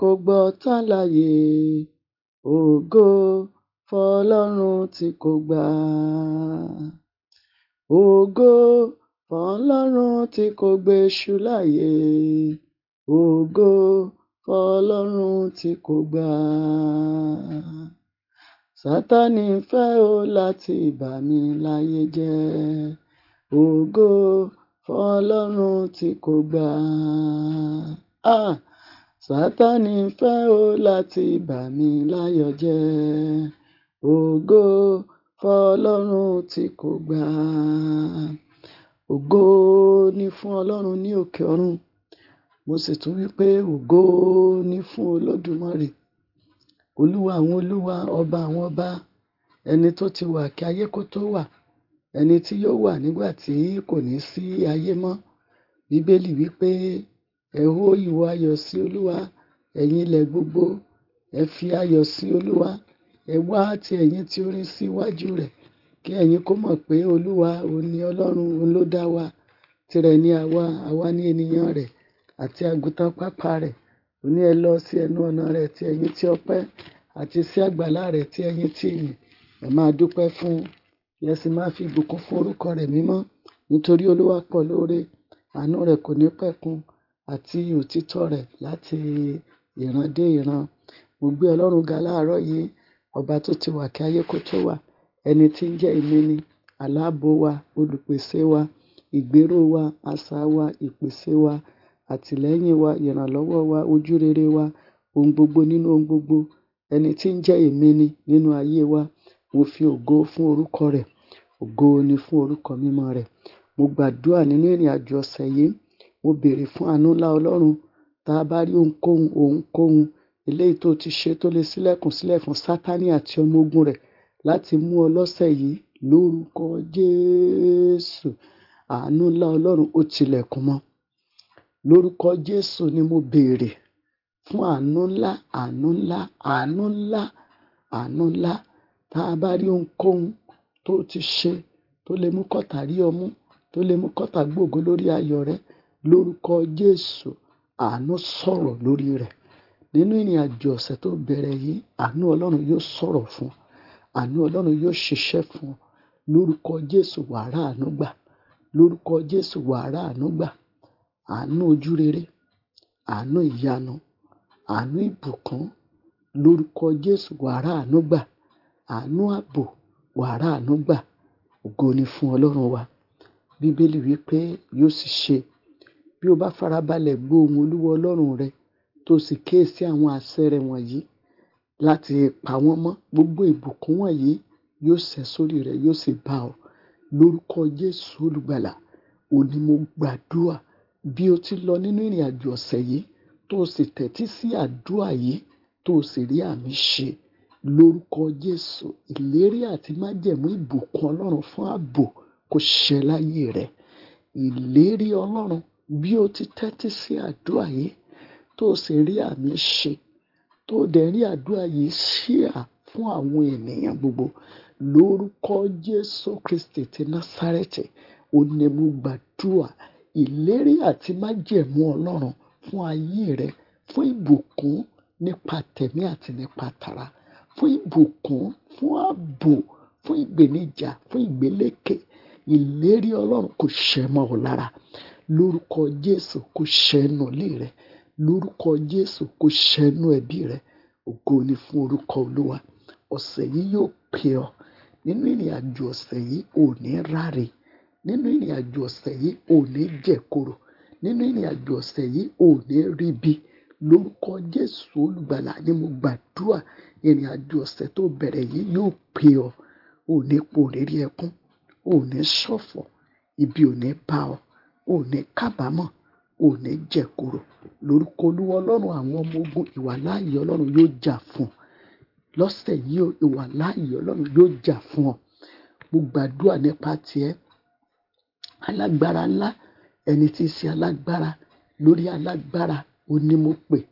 kò gbọ́tàn láyé ògo fọlọ́run tí kò gbà ògo fọlọ́run tí kò gbéṣù láyé ògo fọlọ́run tí kò gbà sátánì fẹ́ o láti bà mí láyé jẹ́ ògo fọlọ́run tí kò gbà. Ah sátánì fẹ́ o láti bà mí láyọ̀ jẹ́ ògo fọlọ́run tí kò gbà ògo ni fún ọlọ́run ní òkè ọ̀run mo sì tún wí pé ògo ni fún olódùmarè olúwa àwọn olúwa ọba àwọn ọba ẹni tó ti wà kí ayé kó tó wà ẹni tí yóò wà nígbà tí kò ní sí ayé mọ́ bíbélì wí pé ẹ hó ìwo ayọ̀ sí olúwa ẹ̀yin ilẹ̀ gbogbo ẹ fi ayọ̀ sí olúwa ẹ wá ti ẹ̀yin tí ó rí síwájú rẹ̀ kí ẹ̀yin kó mọ̀ pé olúwa òun ni ọlọ́run òun ló dá wa tirẹ̀ ni àwa àwa ni ènìyàn rẹ̀ àti àgùntàn pápá rẹ̀ ó ní ẹ lọ sí ẹnu ọ̀nà rẹ̀ ti ẹ̀yin tí ọpẹ́ àti sí àgbàlá rẹ̀ ti ẹ̀yin tí ìyìn ẹ máa dúpẹ́ fún ẹ sì máa fi ìbùkún fún orúkọ rẹ̀ mímọ́ nítorí olúwa pọ̀ lóore àánú rẹ̀ kò ní pẹ̀kun àti òtítọ́ rẹ̀ láti ìran dé ìran. Mo gbé Ọlọ́run ga láàárọ̀ yìí, ọba tó ti wà kí ayé kó tó wà, ẹni tí ń jẹ́ èmi ni, aláàbò wa, olùpèsè wa, ìgbéró wa, asà wa, ìpèsè wa, àtìlẹ́yìn wa, ìrànlọ́wọ́ wa, ojúrere wa, ohun gbogbo nínú ohun gbogbo, ẹni tí ń jẹ́ èmi ni nínú ayé wa. Mo fi ògo fún orúkọ rẹ̀, ògo ni fún orúkọ mímọ́ rẹ̀. Mo gbàdúrà nínú ìrìnàjò ọ̀sẹ̀ yìí mo béèrè fún àánú ńlá ọlọ́run tá a bá rí ohunkóhun ohunkóhun eléyìí tó ti ṣe tó lè ṣílẹ̀kùn sílẹ̀ fún sátánì àti ọmọ ogun rẹ̀ láti mú ọ lọ́sẹ̀ yìí lórúkọ jésù àánú ọlọ́run ó tilẹ̀kùn mọ́ lórúkọ jésù ni mo béèrè fún àánú ńlá àánú ńlá àánú ńlá àánú ńlá tá a bá rí ohunkóhun tó ti ṣe tó lè mú kọ́tà rí ọ tó lè mú kọ́tà gbògo lórí ayọ̀ rẹ lórúkọ Jésù àánú sọ̀rọ̀ lórí rẹ̀ nínú ìrìn àjò ọ̀sẹ̀ tó bẹ̀rẹ̀ yìí àánú Ọlọ́run yóò sọ̀rọ̀ fún àánú Ọlọ́run yóò ṣiṣẹ́ fún lórúkọ Jésù wàrà àánú gbà lórúkọ Jésù wàrà àánú gbà àánú ojú rere àánú ìyanu àánú ìbùkún lórúkọ Jésù wàrà àánú àánú ààbò wàrà àánú ògo ni fún Ọlọ́run wa bíbélì wípé yóò sì ṣe bí o bá farabalẹ̀ gbọ́ ohùn olúwa ọlọ́run rẹ tó sì kíyèsí àwọn àṣẹ rẹ̀ wọ̀nyí láti pa wọ́n mọ́ gbogbo ìbùkún wọ̀nyí yóò ṣẹ́ sórí rẹ yóò sì bá ọ lórúkọ jésù olùgbàlà òní mo gbàdúrà bí o ti lọ nínú ìrìn àjò ọ̀sẹ̀ yìí tó o sì tẹ́tí sí àdúrà yìí tó o sì rí àmì ṣe lórúkọ jésù ìlérí àti májẹ̀mú ìbùkún ọlọ́run fún ààbò kó ṣẹ láyé rẹ ìlérí ọlọ́run bí o ti tẹ́tí sí àdúrà yìí tó o sì rí àmì ṣe tó o dẹ̀ rí àdúrà yìí ṣíà fún àwọn ènìyàn gbogbo lórúkọ Jésù Kristi ti Násárẹ́tì onímù gbàdúrà ìlérí àti májẹ̀mú Ọlọ́run fún ayé rẹ fún ìbùkún nípa tẹ̀mí àti nípa tara fún ìbùkún fún ààbò fún ìgbèníjà fún ìgbélékè ìlérí Ọlọ́run kò ṣẹ mọ́ ọ lára lórúkọ Jésù kó ṣẹnu ilé rẹ lórúkọ Jésù kó ṣẹnu ẹbí rẹ ògo ni fún orúkọ Olúwa ọ̀sẹ̀ yìí yóò pè ọ́ nínú ìrìn àjò ọ̀sẹ̀ yìí ò ní ráre nínú ìrìn àjò ọ̀sẹ̀ yìí ò ní jẹ̀koro nínú ìrìn àjò ọ̀sẹ̀ yìí ò ní ríbi lórúkọ Jésù olùgbàlà ni mo gbàdúrà ìrìn àjò ọ̀sẹ̀ tó bẹ̀rẹ̀ yìí yóò pè ọ́ ò ní ẹkún ò ṣọ̀fọ̀ ibi ò ní bá ọ ò ní kábàámọ̀ ò ní jẹ̀kúrò lórúkọ olúwa ọlọ́run àwọn ọmọ ogun ìwàláàyè ọlọ́run yóò jà fún ọ lọ́sẹ̀ yìí o ìwàláàyè ọlọ́run yóò jà fún ọ mo gbàdúrà nípa tiẹ̀ alágbára ńlá ẹni tí í ṣe alágbára lórí alágbára onímọ̀pẹ̀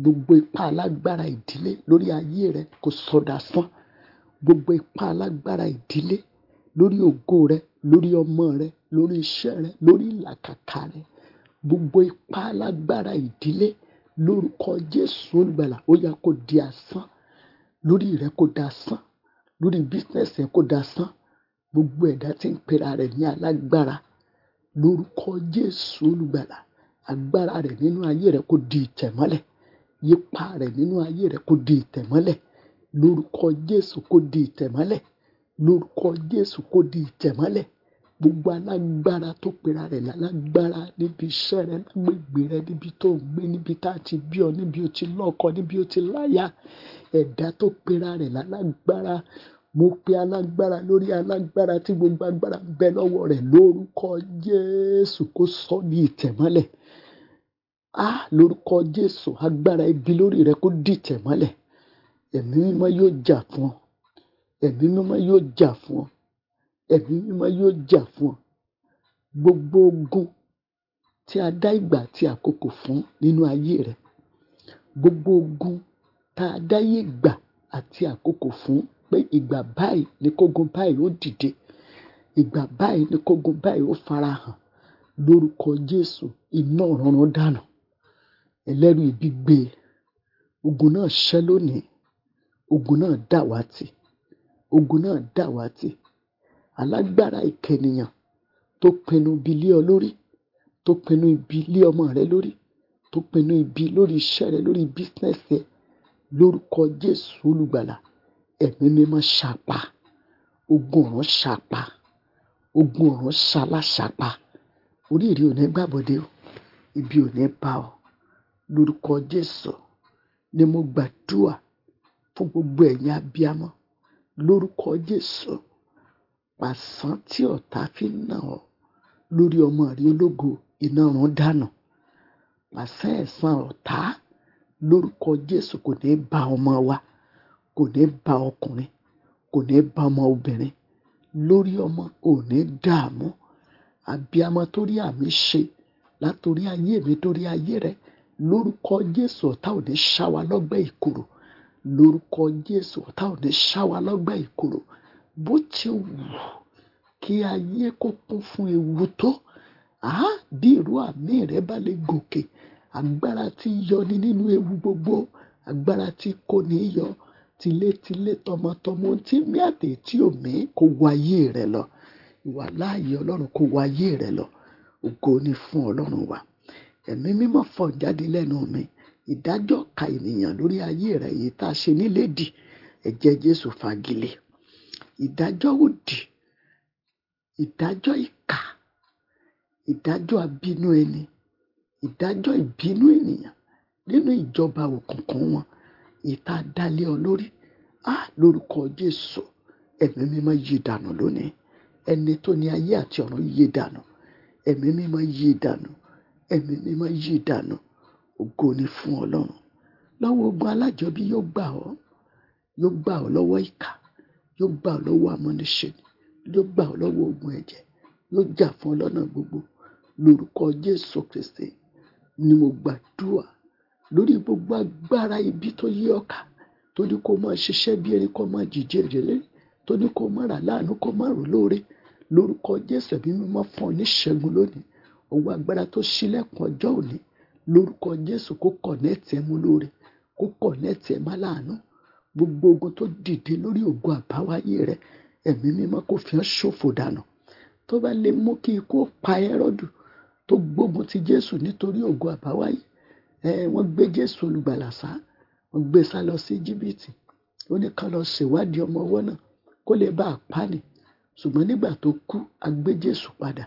gbogbo ipá alágbára ìdílé lórí ayé rẹ kò sọdá sán gbogbo ipá alágbára ìdílé lórí ògo rẹ lórí ọmọ rẹ lórí iṣẹ́ rẹ lórí ìlàkàkà rẹ gbogbo ipá lágbára ìdílé lórúkọ Jésù olùgbàlà ó yá kó di asán lórí rẹ kó di asán lórí business rẹ kó di asán gbogbo ẹ̀dá tí ń pera rẹ̀ ní alágbára lórúkọ Jésù olùgbàlà agbára rẹ̀ nínú ayé rẹ kó di ìtẹ̀mọ́lẹ̀ ipa rẹ̀ nínú ayé rẹ kó di ìtẹ̀mọ́lẹ̀ lórúkọ Jésù kó di ìtẹ̀mọ́lẹ̀ lórúkọ Jésù kó di ìtẹ̀mọ́lẹ̀ gbogbo alágbára tó pera rẹ̀ lálágbára níbi iṣẹ́ rẹ lágbègbè rẹ níbi tó ń gbé níbi tá a ti bí ọ níbi o ti lọ́kọ níbi o ti láya ẹ̀dá tó pera rẹ̀ lálágbára mo pe alágbára lórí alágbára tí gbogbo agbára ń bẹ lọ́wọ́ rẹ̀ lórúkọ Jésù kó sọ ní ìtẹ̀mọ́lẹ̀ á lórúkọ Jésù agbára ibi lórí rẹ kó dìtẹ̀ mọ́lẹ̀ ẹ̀mí mímọ́ yóò jà fún ọ ẹ̀mí mímọ́ yóò jà fún ọ ẹ̀mí mímọ́ yóò jà fún ọ gbogbo ogun tí a dá ìgbà àti àkókò fún nínú ayé rẹ gbogbo ogun tá a dá ìgbà àti àkókò fún pé ìgbà báyìí ni kógun báyìí ó dìde ìgbà báyìí ni kógun báyìí ó farahàn lórúkọ Jésù iná ọ̀run dànù ẹlẹ́rù ibi gbé e. ogun náà ṣẹ́ lónìí ogun náà dàwátì ogun náà dàwátì alágbára ìkẹnìyàn tó pinnu ibi lé ọ lórí tó pinnu ibi lé ọmọ rẹ lórí tó pinnu ibi lórí iṣẹ́ rẹ lórí bísínẹ́sì ẹ lórúkọ Jésù olùgbàlà ẹ̀mí mímọ́ ṣàpá ogun ọ̀run ṣàpá ogun ọ̀run ṣaláṣàpá oríire ò ní gbàbọdé o ibi ò ní bá ọ lórúkọ Jésù ni mo gbàdúrà fún gbogbo ẹ̀yin abiyamọ lórúkọ Jésù pàṣán tí ọ̀tá fi ń nà ọ́ lórí ọmọ rí ológo iná run dànù pàṣán ẹ̀san ọ̀tá lórúkọ Jésù kò ní bá ọmọ wa kò ní bá ọkùnrin kò ní bá ọmọ obìnrin lórí ọmọ ò ní dààmú àbíamọ tó rí àmì ṣe látòrí ayé mi dórí ayé rẹ lórúkọ Jésù ọ̀tá ò ní ṣá wa lọ́gbẹ́ ìkorò lórúkọ Jésù ọ̀tá ò ní ṣá wa lọ́gbẹ́ ìkorò bó ti wù kí ayé kó kún fún ewu tó àá bí ìró àmì rẹ bá lè gòkè agbára tí yọni nínú ewu gbogbo agbára tí kóni yọ tilétilé tọmọtọmọ tí mí àtẹ tí òmí kó wọ ayé rẹ lọ ìwà láàyè Ọlọ́run kó wọ rẹ lọ ògo ni fún Ọlọ́run wa ẹ̀mí mímọ́ fọ̀n jáde lẹ́nu mi ìdájọ́ ka ènìyàn lórí ayé rẹ èyí tá a ṣe nílẹ̀dì ẹ̀jẹ̀ Jésù fagilé ìdájọ́ òdì ìdájọ́ ìkà ìdájọ́ abínú ẹni ìdájọ́ ìbínú ènìyàn nínú ìjọba òkùnkùn wọn ìta dalẹ olórí á lórúkọ Jésù ẹ̀mí mímọ́ yí dànù lónìí ẹni tó ní ayé àti ọ̀run yí dànù ẹ̀mí mímọ́ yí dànù ẹ̀mí mímọ́ yí dànù ògo ni fún Ọlọ́run lọ́wọ́ ogun alájọbí yóò gbà ọ́ yóò gbà ọ́ lọ́wọ́ ìkà yóò gbà ọ́ lọ́wọ́ amúnisìn yóò gbà ọ́ lọ́wọ́ ogun ẹ̀jẹ̀ yóò jà fún ọ lọ́nà gbogbo lórúkọ Jésù Kristi ni mo gbàdúrà lórí gbogbo agbára ibi tó yí ọ ká tó ní kó máa ṣiṣẹ́ bí erin kó máa jìjẹ ìrẹ̀lẹ̀ tó ní kó máa rà láàánú kó máa rò lóore lórúkọ Jésù ẹ̀mí mímọ́ fún ọ níṣẹ́gun lónìí ọwọ́ agbára tó ṣílẹ̀kùn ọjọ́ òní lórúkọ Jésù kó kọ̀nẹ́ẹ̀tì ẹ̀ mú lóore kó kọ̀nẹ́ẹ̀tì ẹ̀ má láàánú gbogbo ogun tó dìde lórí ògo àbáwáyé rẹ ẹ̀mí mímọ́ kò fi ọ́ ṣòfò dànù tó bá lè mú kí ikú pa Hẹ́rọ́dù tó gbógun ti Jésù nítorí ògo àbáwáyé ẹ wọ́n gbé Jésù olùgbàlà sá wọ́n gbé sá lọ sí Íjíbítì ó ní ká lọ ṣèwádìí ọmọ ọwọ́ náà kó lè bá a pa ni nígbà tó kú a Jésù padà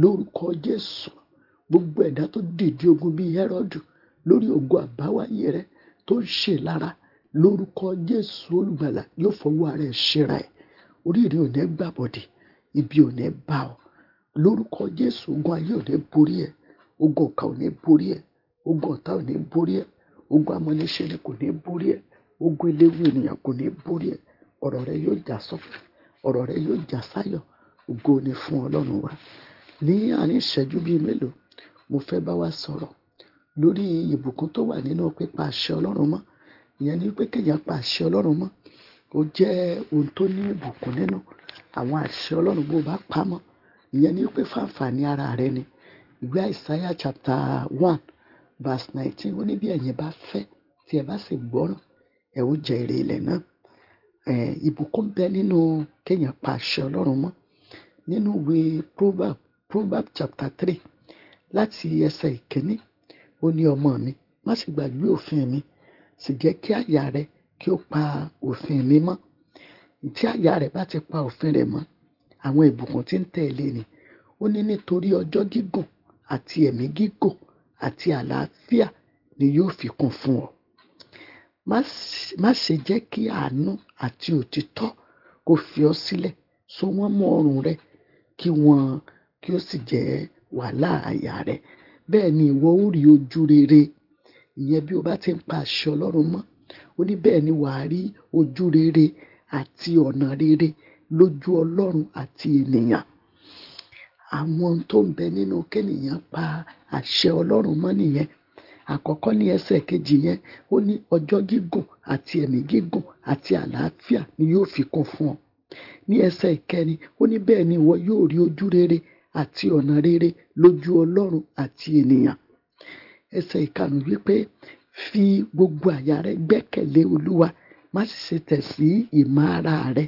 lórúkọ Jésù gbogbo ẹ̀dá tó dìde ogun bíi Hẹ́rọ́dù lórí ògo àbáwáyé rẹ tó ń ṣe lára lórúkọ jésù olùgbàlà yóò fọwọ́ ara ẹ̀ ṣera ẹ̀ oríire ò ní gbàbọ̀dẹ̀ ibi ò ní bá ọ lórúkọ jésù ogun ayé ò ní borí ẹ ogun ọ̀ka ò ní borí ẹ ogun ọ̀tá ò ní borí ẹ ogun amọ̀niṣẹ́ni kò ní borí ẹ ogun eléwu ènìyàn kò ní borí ẹ ọ̀rọ̀ rẹ yóò jà sọ́kù ọ̀rọ̀ rẹ yóò jà sáyọ̀ ògo ni fún ọlọ́run wa ní àárín ìṣẹ́jú bíi mélòó mo fẹ́ bá wa sọ̀rọ̀ lórí ìbùkún tó wà nínú pípa àṣẹ ọlọ́run mọ́ Ìyẹn ni pé kéèyàn pa àṣẹ Ọlọ́run mọ́. Ó jẹ́ ohun tó ní ìbùkún nínú. Àwọn àṣẹ Ọlọ́run bó bá pa mọ́, ìyẹn ni pé fànfàní ara rẹ ni. Ìwé Isaiah chapter one verse nineteen ó ní bí ẹ̀yin bá fẹ́ tí ẹ bá sì gbọ́ràn, ẹ ó jẹ èrè ilẹ̀ náà. ìbùkún bẹ nínú kéèyàn pa àṣẹ Ọlọ́run mọ́. Nínú ìwé Proverb, Proverb chapter three láti ẹsẹ̀ ìkíni, ó ní ọmọ mi, má ṣe gbàgbé òfin mi sì jẹ́ kí àyà rẹ kí ó pa òfin mi mọ́ tí àyà rẹ bá ti pa òfin rẹ mọ́ àwọn ìbùkún tí ń tẹ̀lé ni ó ní nítorí ọjọ́ gígùn àti ẹ̀mí gígùn àti àlàáfíà ni yóò fi kún fún ọ má ṣe jẹ́ kí àánú àti òtítọ́ kó fi ọ sílẹ̀ so wọ́n mọ́ ọrùn rẹ kí wọ́n kí ó sì jẹ́ wàhálà àyà rẹ bẹ́ẹ̀ ni ìwọ ó rí ojú rere ìyẹn bí o bá ti ń pa àṣẹ Ọlọ́run mọ́ ó ní bẹ́ẹ̀ ni wàá rí ojú rere àti ọ̀nà rere lójú Ọlọ́run àti ènìyàn àwọn tó ń bẹ nínú kéèyàn pa àṣẹ Ọlọ́run mọ́ nìyẹn àkọ́kọ́ ní ẹsẹ̀ kejì yẹn ó ní ọjọ́ gígùn àti ẹ̀mí gígùn àti àlàáfíà ni yóò fi kún fún ọ ní ẹsẹ̀ ìkẹrin ó ní bẹ́ẹ̀ ni ìwọ yóò rí ojú rere àti ọ̀nà rere lójú Ọlọ́run àti ènìyàn ẹsẹ̀ ìkarùn-ún wípé fi gbogbo àyà rẹ gbẹ́kẹ̀lé olúwa má sì ṣe tẹ̀ sí ìmọ̀ ara rẹ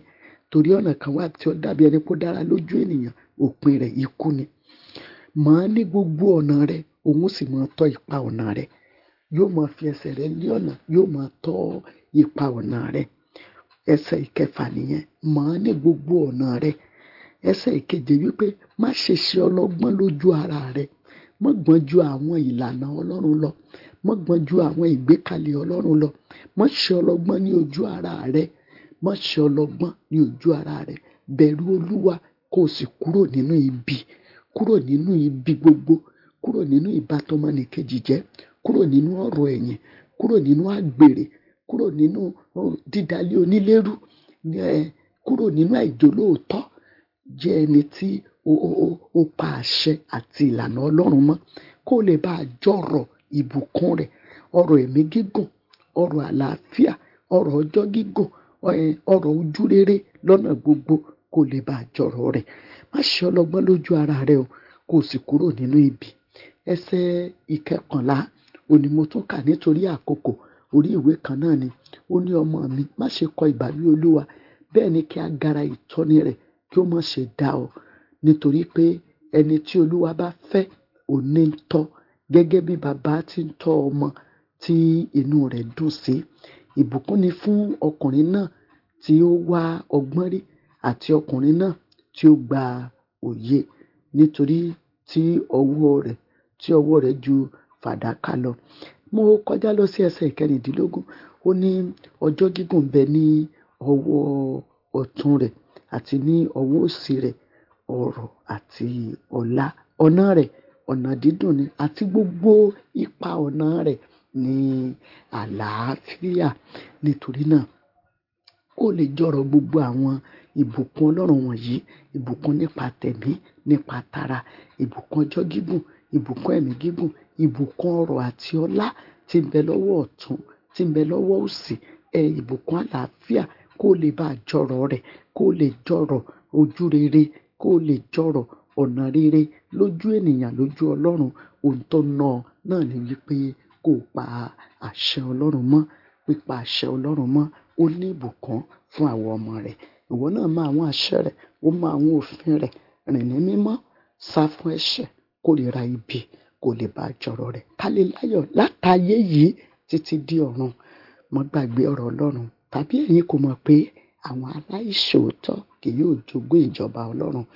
torí ọ̀nà kan wà tí ó dàbí ẹni kó dára lójú ènìyàn òpin rẹ̀ ikú ni mọ̀ ní gbogbo ọ̀nà rẹ òun sì máa tọ́ ipa ọ̀nà rẹ yóò máa fi ẹsẹ̀ rẹ lé ọ̀nà yóò máa tọ́ ipa ọ̀nà rẹ ẹsẹ̀ ìkẹfà nìyẹn mọ̀ ní gbogbo ọ̀nà rẹ ẹsẹ̀ ìkeje wípé má ṣe ṣe ọlọ́gbọ́n lójú ara rẹ mọ́ gbọ́n ju àwọn ìlànà ọlọ́run lọ mọ́ gbọ́n ju àwọn ìgbékalẹ̀ ọlọ́run lọ mọ́ ṣe ọlọ́gbọ́n ní ojú ara rẹ mọ́ ṣe ọlọ́gbọ́n ní ojú ara rẹ bẹ̀rù olúwa kó o sì kúrò nínú ibi kúrò nínú ibi gbogbo kúrò nínú ìbátọmọnìkejì jẹ́ kúrò nínú ọ̀rọ̀ ẹ̀yìn kúrò nínú àgbèrè kúrò nínú dídalẹ̀ onílérú kúrò nínú àìjólóòtọ́ jẹ́ ẹni tí ó pa àṣẹ àti ìlànà Ọlọ́run mọ́ kó lè bá a jọ̀rọ̀ ìbùkún rẹ̀ ọ̀rọ̀ ẹ̀mí gígùn ọ̀rọ̀ àlàáfíà ọ̀rọ̀ ọjọ́ gígùn ọ̀rọ̀ ojú rere lọ́nà gbogbo kó lè bá a jọ̀rọ̀ rẹ̀ má ṣe ọlọ́gbọ́n lójú ara rẹ o kó o sì kúrò nínú ibi ẹsẹ̀ ìkẹkànlá òní mo tún kà nítorí àkókò orí ìwé kan náà ni ó ní ọmọ mi má ṣe kọ ìbáwí olúwa bẹ́ẹ̀ ni kí a gara ìtọ́ni rẹ̀ kí ó má ṣe dá ọ nítorí pé ẹni tí olúwa bá fẹ́ òní ń tọ́ gẹ́gẹ́ bí bàbá ti ń tọ́ ọmọ tí inú rẹ̀ dùn sí ìbùkún ni fún ọkùnrin náà tí ó wá ọgbọ́n rí àti ọkùnrin náà tí ó gba òye nítorí tí ọwọ́ rẹ̀ tí ọwọ́ rẹ̀ ju fàdákà lọ mo kọjá lọ sí ẹsẹ̀ ìkẹrìndínlógún ó ní ọjọ́ gígùn ń bẹ ní ọwọ́ ọ̀tún rẹ̀ àti ní ọwọ́ òsì rẹ̀ ọrọ̀ àti ọlá. Ọ̀nà rẹ̀ ọ̀nà dídùn ni àti gbogbo ipa ọ̀nà rẹ̀ ní àlàáfíà. Nítorí náà ó lè jọ̀rọ̀ gbogbo àwọn ìbùkún Ọlọ́run wọ̀nyí. Ìbùkún nípa tẹ̀mí, nípa tara, ìbùkún ọjọ́ gígùn, ìbùkún ẹ̀mí gígùn, ìbùkún ọrọ̀ àti ọlá tí ń bẹ lọ́wọ́ ọ̀tún, tí ń bẹ lọ́wọ́ òsì, ẹ ìbùkún àlàáfíà kó lè bá jọ̀rọ̀ rẹ̀, kó lè jọ̀rọ̀ ojú rere kó o lè jọrọ̀ ọ̀nà rere lójú ènìyàn lójú Ọlọ́run ohun tó ná ọ náà ni wípé kó o pa àṣẹ Ọlọ́run mọ́ pípa àṣẹ Ọlọ́run mọ́ ó ní ìbùkún fún àwọn ọmọ rẹ̀ ìwọ náà mọ àwọn àṣẹ rẹ̀ ó mọ àwọn òfin rẹ̀ rìn ní mímọ́ sá fún ẹ̀ṣẹ̀ kórìíra ibi kó lè bá jọrọ̀ rẹ̀ ká láyọ̀ látayé yìí títí di ọ̀run má gbàgbé ọ̀rọ̀ Ọlọ́run tàbí ẹ̀yin kò mọ̀ pé àwọn aláìṣòótọ́ kì yóò jogún ìjọba ọlọ́run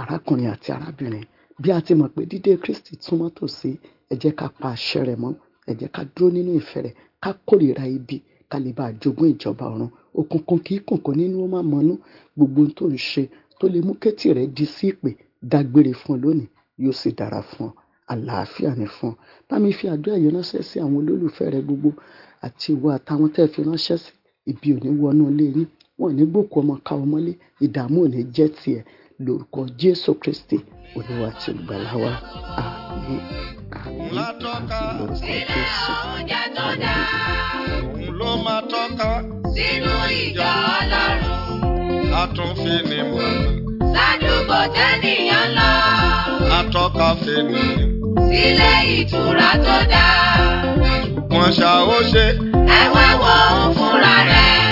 arákùnrin àti arábìnrin bí a ti mọ̀ pé dídé kristi túmọ̀ tòsí ẹ jẹ́ ká pa àṣẹ rẹ̀ mọ́ ẹ jẹ́ ká dúró nínú ìfẹ́ rẹ̀ ká kórìíra ibi ká lè bá jogún ìjọba ọ̀run òkùnkùn kì í kùnkùn nínú ó má mọnú gbogbo ohun tó ń ṣe tó lè mú kétì rẹ di sí ìpè dágbére fún ọ lónìí yóò sì dára fún ọ àlàáfíà ni fún ọ bámi fi àdúrà yìí ránṣẹ́ sí àwọn olólùfẹ́ rẹ gbogbo àti ìwọ àtàwọn tẹ́ fi ránṣẹ́ sí ibi ò wọnú ilé yín wọn ò ní gbòkú ọmọ ká ọmọ lé ìdààmú ò ní jẹ́ tiẹ̀ lórúkọ jésù kristi olúwa ti gbàlà wa àmín àmín àmín jésù. òun ló máa ni mo ní. sádùúgbò tẹ́nìyàn lọ. atọ́ka fèmí. sílé ìtura tó dáa. wọ́n ṣàwọ́ ṣe. ẹ wá wọ òun fúnra rẹ̀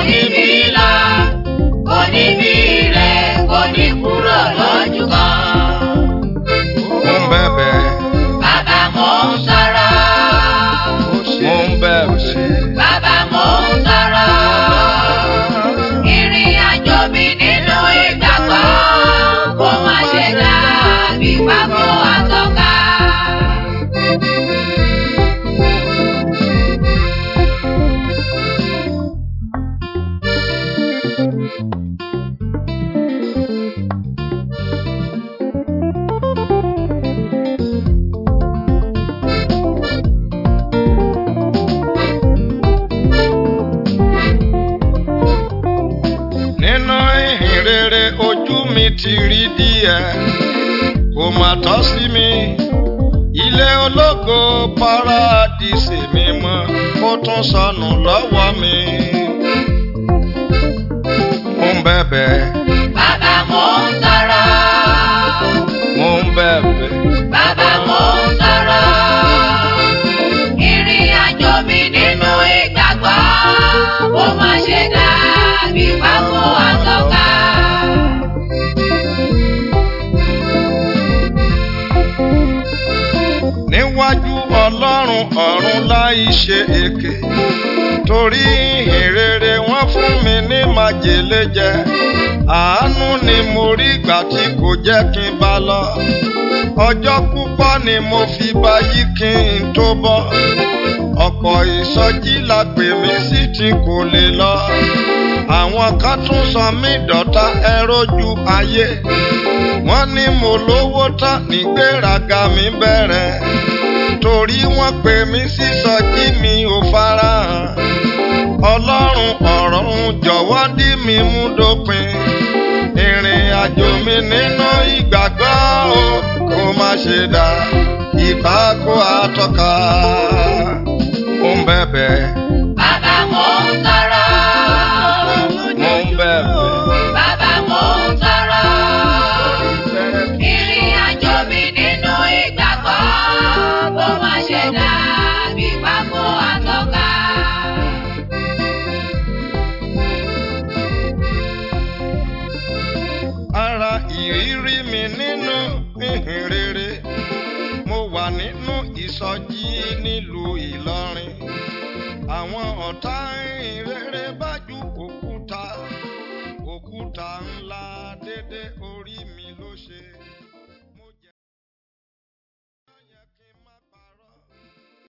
oníbìlà oníbìlà. us torí ìhìnrere wọn fún mi ní májèlé jẹ àánú ni mo rí gbà tí kò jẹ́ kí n bá lọ ọjọ́ púpọ̀ ni mo fi bá yí kí n tó bọ́ ọ̀pọ̀ ìsọjí la pè mí sí tí kò lè lọ àwọn kan tún sọ mí dọ̀tá ẹrójú ayé wọ́n ní mo lówó tán nígbéraga mi bẹ̀rẹ̀ torí wọ́n pè mí sísọjí mi ò farahàn. Ọlọ́run ọ̀run jọ̀wọ́ dí mi mú dópin ìrìn àjò mi nínú ìgbàgbọ́ o kò má ṣe dà ìbákò àtọ́ka ó ń bẹ̀bẹ̀. bàbá mo.